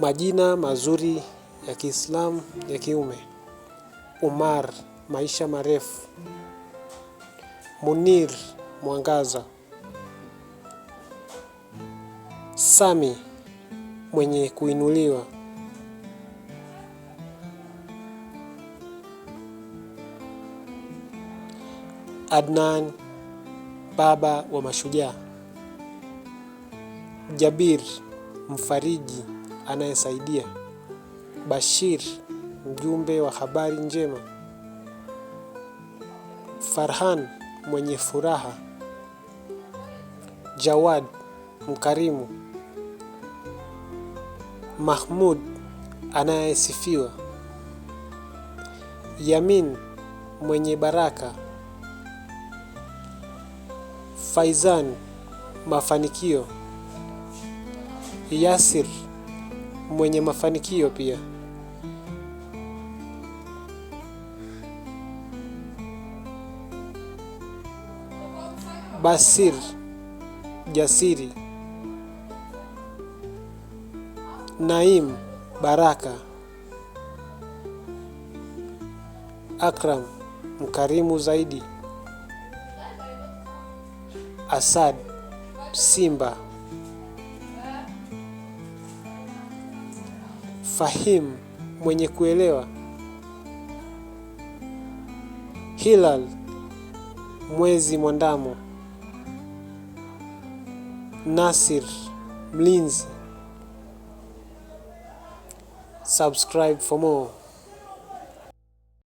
Majina mazuri ya Kiislamu ya kiume. Umar, maisha marefu. Munir, mwangaza. Sami, mwenye kuinuliwa. Adnan, baba wa mashujaa. Jabir, mfariji anayesaidia. Bashir, mjumbe wa habari njema. Farhan, mwenye furaha. Jawad, mkarimu. Mahmud, anayesifiwa. Yamin, mwenye baraka. Faizan, mafanikio. Yasir mwenye mafanikio pia. Basir, jasiri. Naim, baraka. Akram, mkarimu zaidi. Asad, simba. fahim, mwenye kuelewa. Hilal, mwezi mwandamo. Nasir, mlinzi. Subscribe for more.